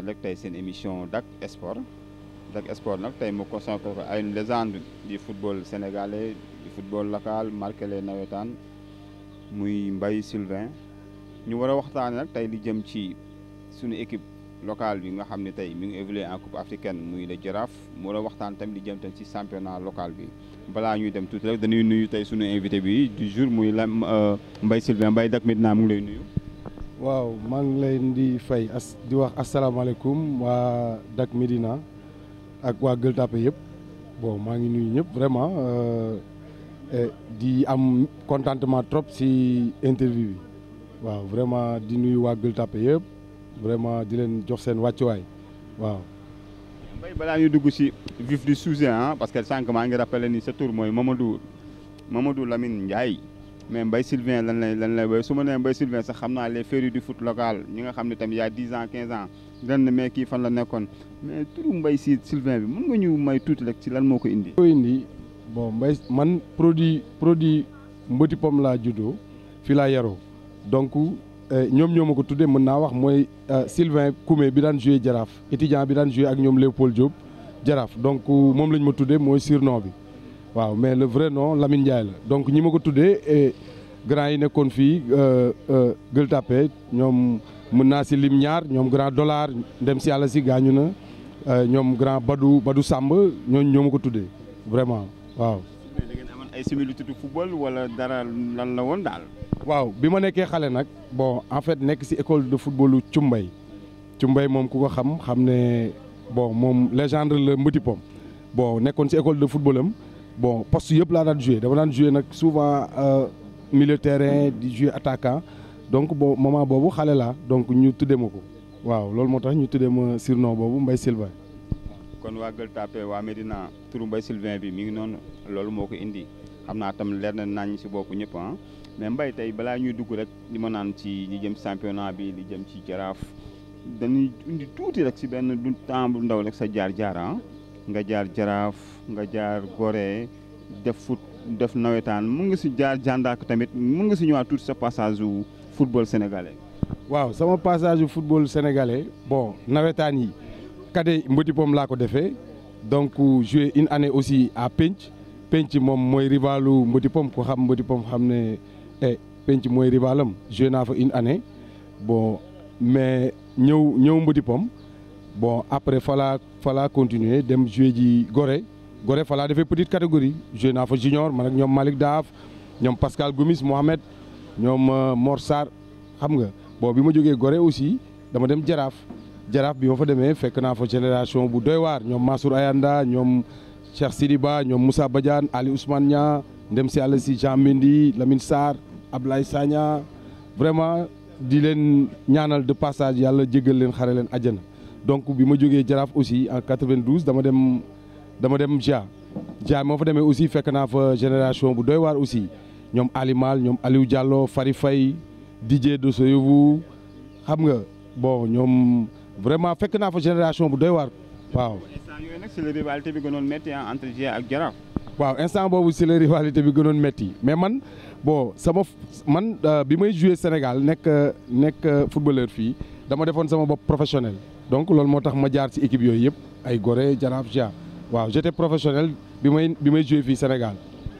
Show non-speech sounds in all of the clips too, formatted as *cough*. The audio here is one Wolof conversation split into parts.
ñëwaat rek tey seen émission Dak Sport Dak Sport nak tay mu consacré ko ay une légende du football sénégalais du football local marqué les nawetaan muy Mbaye Sylvain ñu wara a nak tay tey li jëm ci suñu équipe locale bi nga xam tay tey mi ngi évoluer en coupe africaine muy le Jaraaf mo war a waxtaan tamit li jëm tan ci championnat local bi bala ñuy dem tout rek dañuy nuyu tay suñu invité bi du jour muy euh, Mbaye Sylvain Mbaye Dak Médina mu ngi lay nuyu waaw mang ngi fay as di wax asalaamaaleykum Wa Dak Medina. ak waa Gueule Tapée yëpp bon maa ngi nuyu ñëpp vraiment euh, eh, di am contentement trop si interview Wow, waaw vraiment di nuyu wa Gueule Tapée vraiment di leen jox seen Wow. waaw. mbay bala ñu dugg ci vif du sujet hein parce que sank maa ngi rappelé ni ce tour moy Mamadou Mamadou Lamine Ndiaye mais Mbaye Sylvain lan lay lan lay woy su ma Mbaye Sylvain sax xamna les férus du foot local ñi nga xam ne y a 10 ans 15 ans né mais ki fan la nekkoon mais turu Mbaye Sylvain bi mën nga ñu may tout rek ci lan moko indi. ko indi bon Mbaye man produit produit Mboti Pom la judo, fi la yaro donc euh, ñom ñoo ma ko tuddee mën naa wax moy euh, Sylvain Koumé bi daan jouer Jaraaf étudiant bi daan jouer ak ñom Léopold Diop Jaraaf donc euh, mom lañ ma tuddee mooy surnom bi waaw mais le vrai nom Lamine Ndiaye donc ñi ma ko tuddee e, grand yi nekkoon fii e, e, Gueule Tapée ñoom grand dollar dem si yàlla nous gaañu grand Badou Badou sambe, ñooñu ñoo ma ko vraiment waaw. mais da ngeen amoon ay football wala dara lan la won dal waaw bima ma xalé nak bon en fait nekk ci école de footballu Cumbay Cumbay moom ku ko xam xamné ne bon mom légende le Mbëti Pom bon nekkoon ci école de football am bon parce que souvent euh, milieu terrain du jeu attaquant donc bon moment là xalé donc ñu tudé moko waaw lool nous ñu tudé ma surnom Mbaye Sylvain. kon wa Nous Mbaye Sylvain bi mi ngi non tous moko indi na nañ si bokku ñëpp hein mais mbay ñuy dugg rek ma ci jëm championnat bi li jëm ci giraffe dañuy indi nga jaar jaraaf nga jaar Gorée def foot def nawetaan mun ngi si jaar jàndaak tamit mun nga si ñëwaat tuuti sa passage su football waaw sama passage su football sénégalais bon nawetaan yi cadet Mboti Pom laa ko defee donc joué une année aussi à Penc. Penc moom mooy rivalu Mboti Pom ku xam Mboti Pom xam ne eh Penc mooy rivalam joué naa fa une année bon mais ñëw ñëw Mboti Pom. bon après il laa continuer dem jouer ji Gorée Gorée faut faire une petite catégorie Je naa junior man ak ñoom Malick Daaf Pascal Gomis Mohamed ñoom euh, Morsar, Sarr xam nga bon bi ma Goré Gorée aussi dama dem Jaraaf Jaraaf bi ma fa demee fekk génération bu doy waar ñoom Mansour Ayanda ñoom Cheikh Sidiba ñoom Moussa Badiane Ali Ousmane dem ndem si Jean Mendy Lamine Sarr Ablaï Sanya. vraiment di leen ñaanal de passage yàlla jégal leen à leen àjjana donc bi ma jógee aussi en 92 dama dem dama dem Dia Dia moo fa aussi fekk na fa génération bu doy war aussi ñoom Alimal ñom Aliou Diallo Fari Faye Didier soyou xam nga bon ñom vraiment fekk na fa génération bu doy war waaw. instant yooyu la rivalité bi gënoon metti hein, entre Dia ak Jaraaf. waaw instant bobu c'est la rivalité bi gënoon metti mais man bon sama man euh, bi may joué Sénégal nek nek footballeur fi dama defoon sama bopp professionnel donc loolu motax ma jaar ci équipe yooyu yëpp ay goré Jaraaf ja waaw j'étais professionnel bi may bi may joué fii Sénégal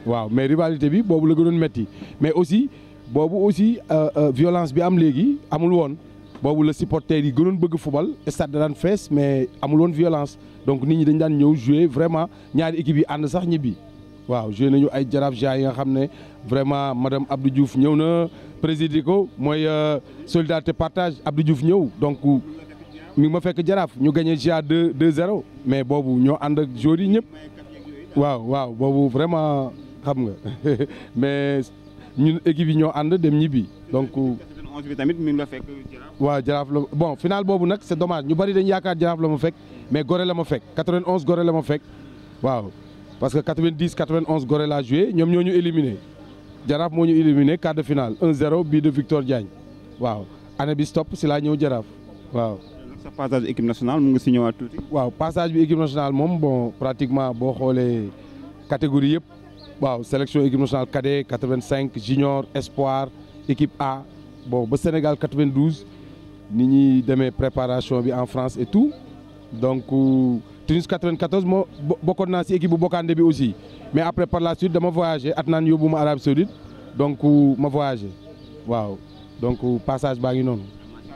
waaw mais rivalité bi bobu la gënoon metti mais aussi bobu aussi euh, euh, violence bi am légui amul woon bobu le supporters yi gënoon bëgg football stade daan fess mais amul woon violence donc nit ñi dañ dan ñëw jouer vraiment ñaari équipe yi and sax ñibbi waaw jouer nañu ay Jaraaf ja yi nga xamné vraiment madame Abdou Diouf ñëw na présider ko mooy euh, solidarité partage Abdou Diouf ñëw donc. Nous fait gagné déjà 2 0 mais bobu nous gagné. ak joueurs yi vraiment xam *laughs* mais ñun équipe yi 91 ànd donc. Euh, tamit la bon final bobu c'est dommage ñu bari la mais Gorée 91 Gorée la ma parce que 90 91 Gorée l'a joué nous avons éliminé Giraffe moo éliminé quart de finale 1-0 de Victor Diagne waaw année stop si sa passage équipe nationale nous ngi signé à waaw passage de équipe nationale bon pratiquement bo les catégorie Sélection de sélection équipe nationale cadet 85 junior espoir équipe A bon ba Sénégal 92 ni ñi démé préparation bi en France et tout donc euh, Tunis 94 moo de l'équipe l'équipe équipe bu Bokande bi aussi mais après par la suite je voyage. at naan yóbbu Arabie Saoudite donc euh, ma voyage. waaw donc euh, passage baa ngi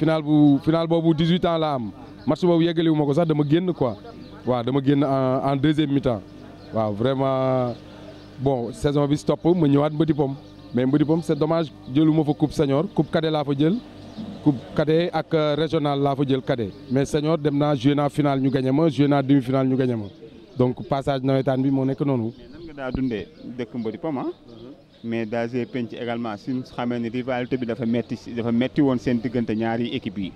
final bu final bobu 18 ans la am match bobu yeggaliwu ma sax dama génn quoi waaw dama génn en deuxième mi-temps waaw vraiment bon saison bi stop ma ñëwaat Mbëti Pom mais Mbëti Pom c'est dommage jëluma fa coupe senior coupe cadet la fa jël coupe cadet ak euh, régional la fa jël cadet mais senior dem na jouer na final ñu gagné ma joué demi final ñu gagné ma donc passage nawetaan bi moo nekk noonu. nan nga daa dundee dëkk Mbëti Pom ah. Mhm mais daje penc également suñ xamee ne rivalité bi dafa metti dafa metti woon seen diggante ñaari équipe yi.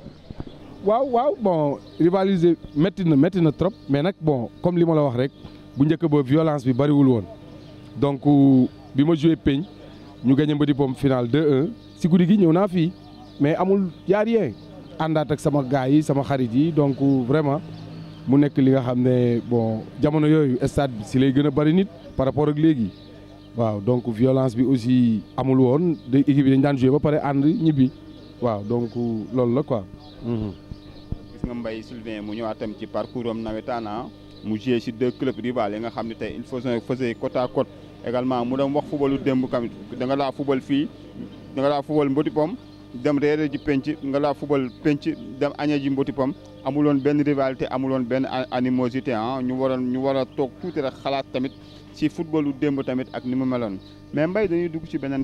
waaw waaw bon rivaliser mettre na métti na trop mais nak, bon comme li ma la wax rek bu njëkk ba violence bi bariwul woon donc euh, bi ma joué nous ñu gagné Mbadi Pom final 2-1 si guddi gi ñëw naa fii mais amul a rien àndaat ak sama gaay yi sama xarit yi donc euh, vraiment mu nekk li nga xamné bon jamono yoyu stade bi si lay gëna bari nit par rapport ak légui waaw donc violence bi aussi amul woon de équipe yi dañ daan joué ba pare ànd ñibbi waaw donc loolu la quoi. Mhm. gis nga mbay Sylvain mu ñëwaat tam ci parcours am nawetaan ah, mu joué ci deux clubs rivales yi nga xam ne tey il faut faisait côte à côte également mu dem wax footballu démb kam da nga daa football fii da nga daa football mboti pom dem reere ji penc nga la football penc dem rivalité nous ben animosité hein ñu waral ñu a tout rek tamit ci tamit ak mais mbay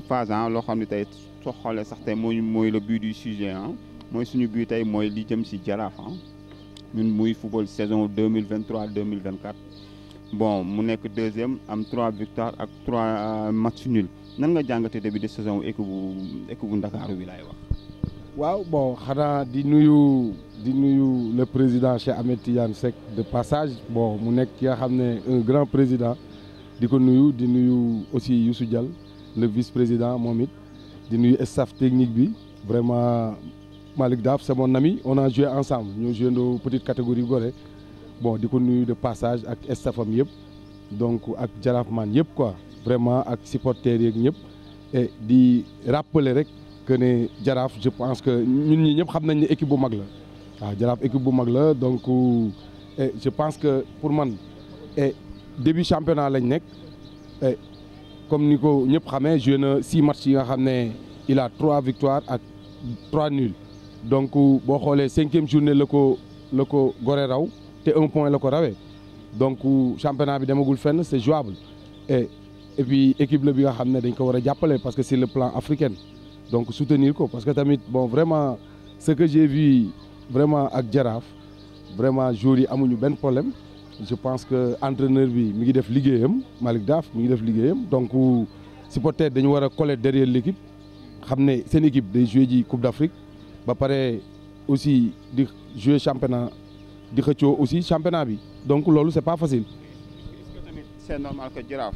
phase hein le but du sujet ah. moi je suñu but football saison 2023 2024 bon mu deuxième am trois victoires ak trois euh, matchs nuls nan nga début de saison équipe équipe bi wax. waaw bon xanaa di nuyu di nuyu le président Cheikh Ahmed Tidiane Seck de passage bon mu nekk nga un grand président di nuyu di nuyu aussi Youssou Dial, le vice président Mohamed. di nuyu staff technique bi vraiment Malik Daf, c'est mon ami on a joué ensemble ñoo joué de petite catégorie Gorée bon di nuyu de passage ak staffam donc donc ak Man, yëpp quoi vraiment ak supporters yeeg ñëpp et di rappeler rek que ne jaraaf je pense que ñun ñi ñëpp xam nañ équipe bu mag la waaw jaraaf équipe bu mag la donc et je pense que pour man et début championnat comme ni ko ñëpp xamee joué na yi nga il a 3 victoires ak 3 nuls donc boo xoolee cinquième journée la ko la raw un point Donc, le donc championnat bi fenn c'est jouable et et puis l'équipe, de bi nga parce que c'est le plan africain donc soutenir quoi? parce que tamit bon vraiment ce que j'ai vu vraiment ak Jaraaf vraiment a yi amuñu problème je pense que l'entraîneur, bi mi ngi def liggéeyam Malick Daaf mi ngi def donc supporter dañu coller derrière l'équipe c'est c'est une équipe de jouer la Coupe d'Afrique ba paraître aussi di jouer championnat di aussi championnat donc ce n'est pas facile. Est-ce que tamit c'est normal que Giraffe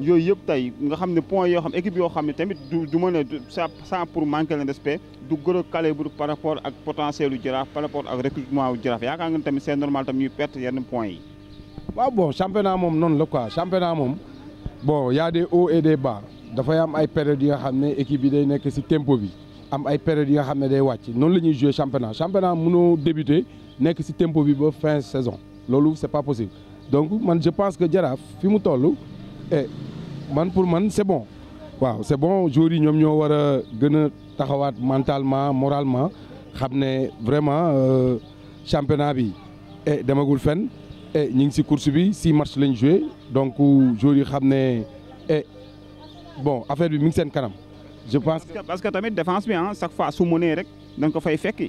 yooyu yep Tay, nga xamné ne point yo xam équipe yo xamné tamit du du ma sans pour manquer le respect du gros calibre par rapport ak potentiel du Jaraaf par rapport ak recrutement du Jaraaf yaakaar nga tamit c'est normal tam ñu perte yenn point yi. wa bon championnat mom non la quoi championnat mom bon y a des hauts et des bas fay am ay période yo xamné équipe bi day nekk ci tempo bi am ay période yo xamné ne day wacc non lañuy jouer championnat championnat mëno débuter nekk ci tempo bi ba fin saison loolu c'est pas possible donc man je pense que giraffe fi mu tollu eh, man pour man c'est bon waaw c'est bon jour yi ñom ñoo war gëna gën taxawaat mentalement moralement xamné vraiment vraiment euh, championnat bi et eh, demagul fenn et eh, ñu ngi ci course bi six matchs lañ joué donc jour yi xamné Eh, bon affaire bi mi ngi seen kanam je pense parce que tamit défense bi hein, chaque fois su moné rek da nga ko fay fekki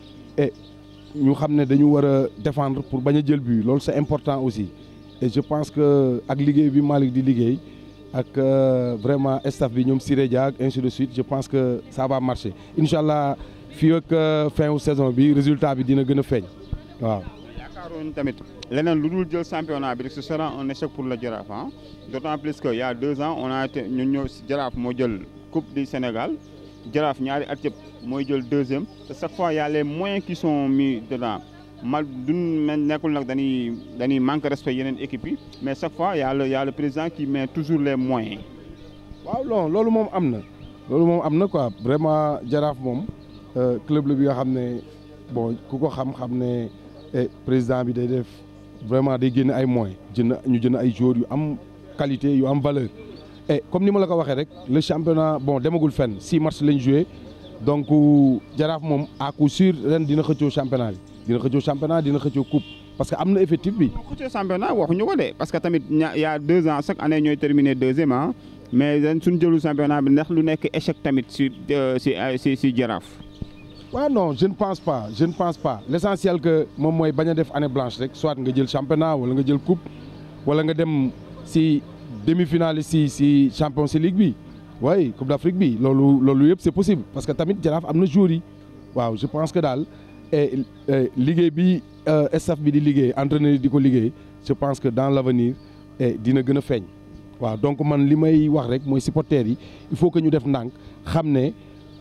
et ñu xam ne dañu war défendre pour bañ a jël but loolu c'est important aussi et je pense que ak liggéey bi Malick di liggéey ak euh, vraiment staff bi ñoom ainsi de suite je pense que ça va marcher incha allah ak euh, fin ou saison bi résultat bi dina gën a feeñ waaw. yaakaaroon tamit leneen jël championnat bi ce sera un échec pour le girafe. Hein. ah d'autant plus que il y a deux ans on a été ñun ñëw Jaraaf moo jël coupe du Sénégal. Jaraaf ñaari Atiep, yëpp mooy jël deuxième te chaque fois il y a les moyens qui sont mis dedans mal duñ nekkul nag dañuy dañuy manque respect yeneen équipe mais chaque fois y a le y a le président qui met toujours les moyens. waaw non loolu moom am na. loolu moom quoi vraiment Jaraaf moom euh, club le bi nga bon ku ko xam eh, président bi day def vraiment day génn ay moyens jënd ñu jënd ay joueurs yu am qualité yu am valeur et eh, comme ni ma la ko rek le championnat bon demagul fenn 6 matchs lañ joué donc euh, Jaraf, moom à coup sûr ren dina xëccoo championnat bi dina xëccoo championnat dina xëccoo coupe parce que am na effectif bi. xëccoo championnat waxuñu ko de parce que tamit il y' a deux ans chaque année ñooy terminer deuxième hein. mais ren suñu jëlu championnat bi ndax lu nekk échec tamit si euh, euh, si si si non je ne pense pas je ne pense pas L'essentiel que moom mooy bañ def année blanche rek soit nga jël championnat wala nga jël coupe wala nga dem si demi-finale si si Champions Ligue bi waaye Coupe d'Afrique bi loolu c'est possible parce que tamit Jaraaf a na joueurs yi waaw je pense que dans eh, eh, liggéey bi euh, staff bi di Ligue, entraîneur yi di ko Ligue, je pense que dans l'avenir eh, dina gën a feeñ waaw donc man li may wax rek mooy supporters yi il faut que nous def ndànk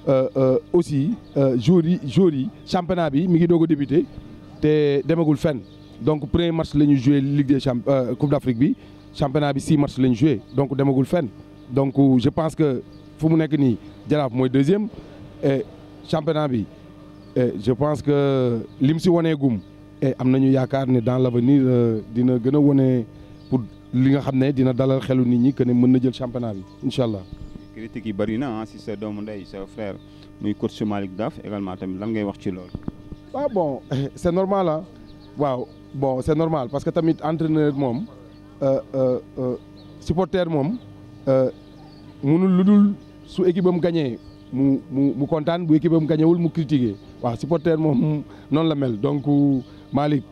euh, euh, aussi euh, joueurs yi joueurs yi championnat bi mi ngi doog débuter débuté te fenn donc premier match la ñu joué Ligue des Champions euh, Coupe d'Afrique bi championnat bi mars matchs lañ joué donc demagul fenn donc euh, je pense que fu mu ni nii Jaraaf mooy deuxième et championnat bi je pense que lim si woné gum et am nañu yaakaar ne dans l'avenir avenir euh, dina gëna woné pour li nga xamné dina dalal xelu nit ñi que ne mën na jël championnat bi inshallah critique yi bari na ah, si sa doomu ndey sa frère muy coach Malik Daf également tamit lan ngay wax ci lool waaw ah bon eh, c'est normal ah waaw bon c'est normal parce que tamit entraîneur mom euh, euh, euh, supporter mom euh l'équipe su équipe gagné mu mu mu équipe gagné critiqué Wa non la mel donc Malik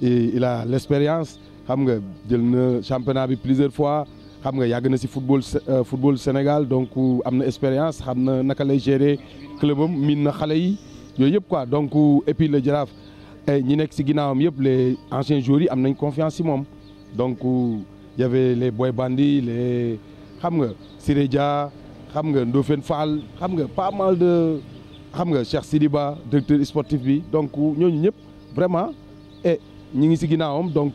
il a l'expérience xam nga championnat plusieurs fois xam nga football football Sénégal donc expérience club na quoi donc et puis le Girafe eh, ñi les anciens joueurs yi confiance ci donc il y avait les Boy Bandi, les Sireja, nga Fall pas mal de xam Sidiba directeur sportif donc vraiment et eh, ñi ngi si donc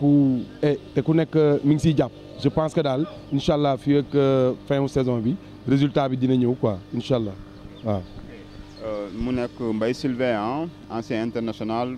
et eh, sommes euh, je pense que dal, Inch'Allah, euh, fin fin ak saison bi résultat bi dina ou quoi euh, Sylvain hein, ancien international.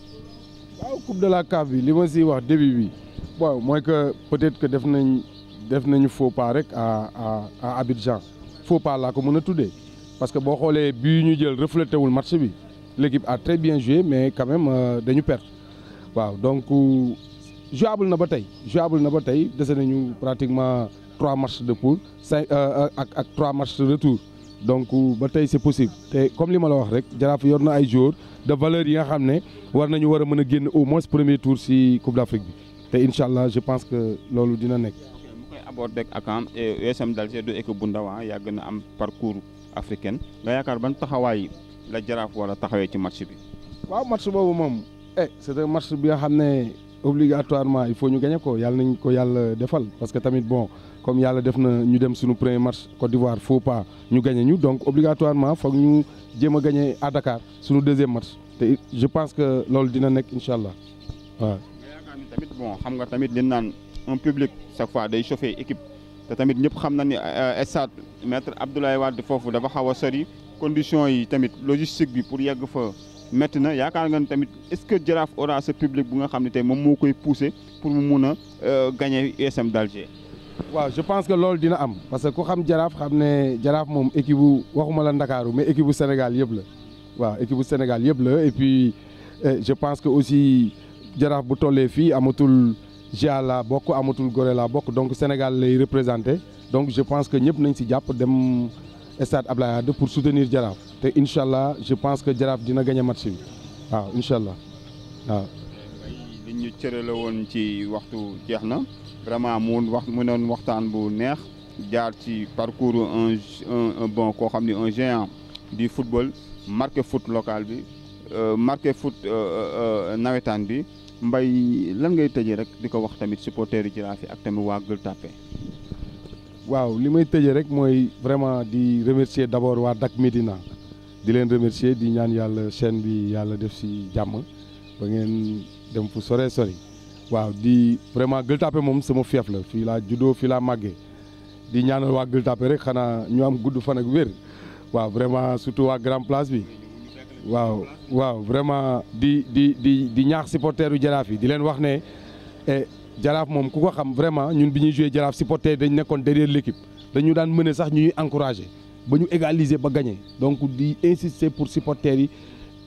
au coupe de la CAF bi li ma siy wax début bon mooy que peut-être que def nañ faut faux pas rek à à à Abidjan faux pas laa ko mën a dit parce que boo xoolee bii ñu jël reflété le match bi l'équipe a très bien joué mais quand même euh, dañu perdre waaw donc jouable na ba jouable na ba tey dese nañu pratiquement trois matchs de poule cinq euh, euh, ak ak trois matchs de retour donc ba c'est possible comme li la wax rek jaraaf yorna ay joueurs de valeur yi nga xamné war nañu wara mëna génn au moins premier tour ci Coupe d'Afrique bi te inshallah je pense que lolu dina nek mu koy aborder ak Akam USM Alger du équipe bundawa, ndaw ah, yàgg na am parcours africain nga yakar ban taxaway la jaraaf wala taxawé ci match bi. waaw match bobu mom eh c'est un match bi nga xamné ne obligatoirement il faut ñu gagner ko yalla nañ ko yalla défal parce que tamit bon comme yalla def na ñu dem suñu premier match Côte d'Ivoire faux pas ñu gagné ñu donc obligatoirement faut ñu jéem gagner à Dakar suñu deuxième match te je pense que loolu dina nek inshallah allah tamit bon xam nga tamit li nane un public chaque fois day chauffer équipe te tamit ñep xam na ni euh, stade maître Abdoulaye Wade fofu dafa xawa a sori conditions yi tamit logistique bi pour yegg fa metti na yaakaar nga tamit est-ce que Giraffe aura ce public bu nga xam ne tey moom moo koy poussé pour mu mun a euh, gagner USM d'Alger waaw je pense que l'ol dina am parce que ku xam jaraaf xam ne jaraaf équipe bu waxuma la Ndakaaru mais équipe bu Sénégal yëpp la waaw équipe bu Sénégal yëpp la et puis eh, je pense que aussi jaraaf bu tollee fii amatul GA la bokk amatul Gorée la bokk donc Sénégal lay représenté donc je pense que ñëpp nañ si jàpp dem stade Abdoulaye Wade pour soutenir jaraaf te incha je pense que jaraaf dina gagner match bi waaw incha waaw. li ñu cërale woon ci waxtu jeex vraiment mon wax mon doon bu neex jaar ci parcours un un bon ko xamni un géant du football marqué foot local bi euh, marqué foot euh, euh, nawetaan bi mbay lan ngay tejje rek diko wax tamit supporteurs yi Jaraaf ak tamit waa Gueule Tapée waaw li may tëjee rek mooy vraiment di remercier d'abord waa Dak medina di leen remercier di ñaan yàlla chaîne bi yàlla def si jàmm ba ngeen dem fu sore sori waaw di vraiment Gueule Tapée moom sama fief la fii laa judo, fii laa màggee di ñaanal waa Gueule Tapée rek xanaa ñu am gudd fan ak wér waaw vraiment surtout waa Grand Place bi waaw waaw vraiment di di di di ñaax supporteru jaraaf yi di leen wax ne eh, jaraaf moom ku ko xam vraiment ñun bi ñuy joué jaraaf supporter dañ nekkoon derrière l'équipe dañu daan mëne sax ñuy encouragé ba ñu égaliser ba gagné donc di insister pour supporter, yi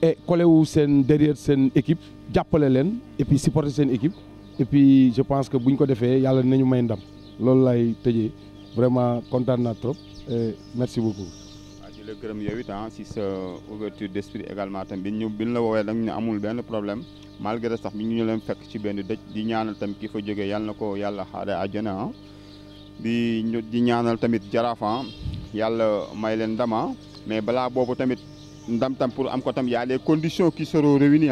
et eh, collé wu seen derrière seen équipe jàppale leen et puis supporter seen équipe et puis je pense que buñ ko défé yalla nañu may ndam loolu lay tejé vraiment content na trop et merci beaucoup. waaw ah, di gërëm yow it ah, si sa ouverture d'esprit esprit également tam bi ñu bi la wowe nag ñu amul ben problème malgré sax mi ñu leen fekk ci ben dëj di ñaanal tam ki fa jógee yàlla na ko yàlla xaare àjjana ah. di ñu di ñaanal tamit jaraafan yalla may leen ndama mais bala bobu tamit ndam tam pour am ko tam y a les conditions qui seront réunies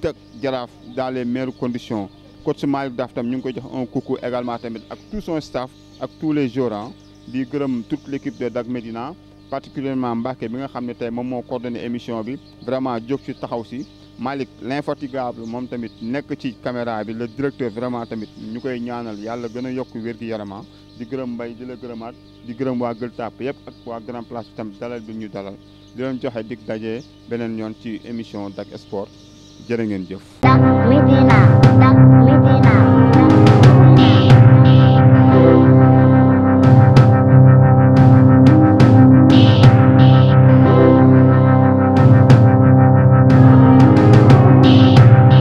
teg jaraaf dans les meilleures conditions coach Malik Daaf tam ñu ngi koy jox un coucou également tamit ak tout son staff ak tous les joueurs di gërëm toute l'équipe de Dak Medina, particulièrement Mbacke bi nga xam ne tey moom moo coordonné émission bi vraiment jóg ci taxaw si Malick l'infatigable moom tamit nekk ci caméra bi le directeur vraiment tamit ñu koy ñaanal yàlla gën a yokk wér-gi-yarama di gërëm mbay di la gërëmaat di gërëm waa Gueule Tapée ak waa Grand Place bi tam dalal bi ñu dalal di leen joxe dig daje beneen yoon ci émission Dak Sport jërë ngeen jëf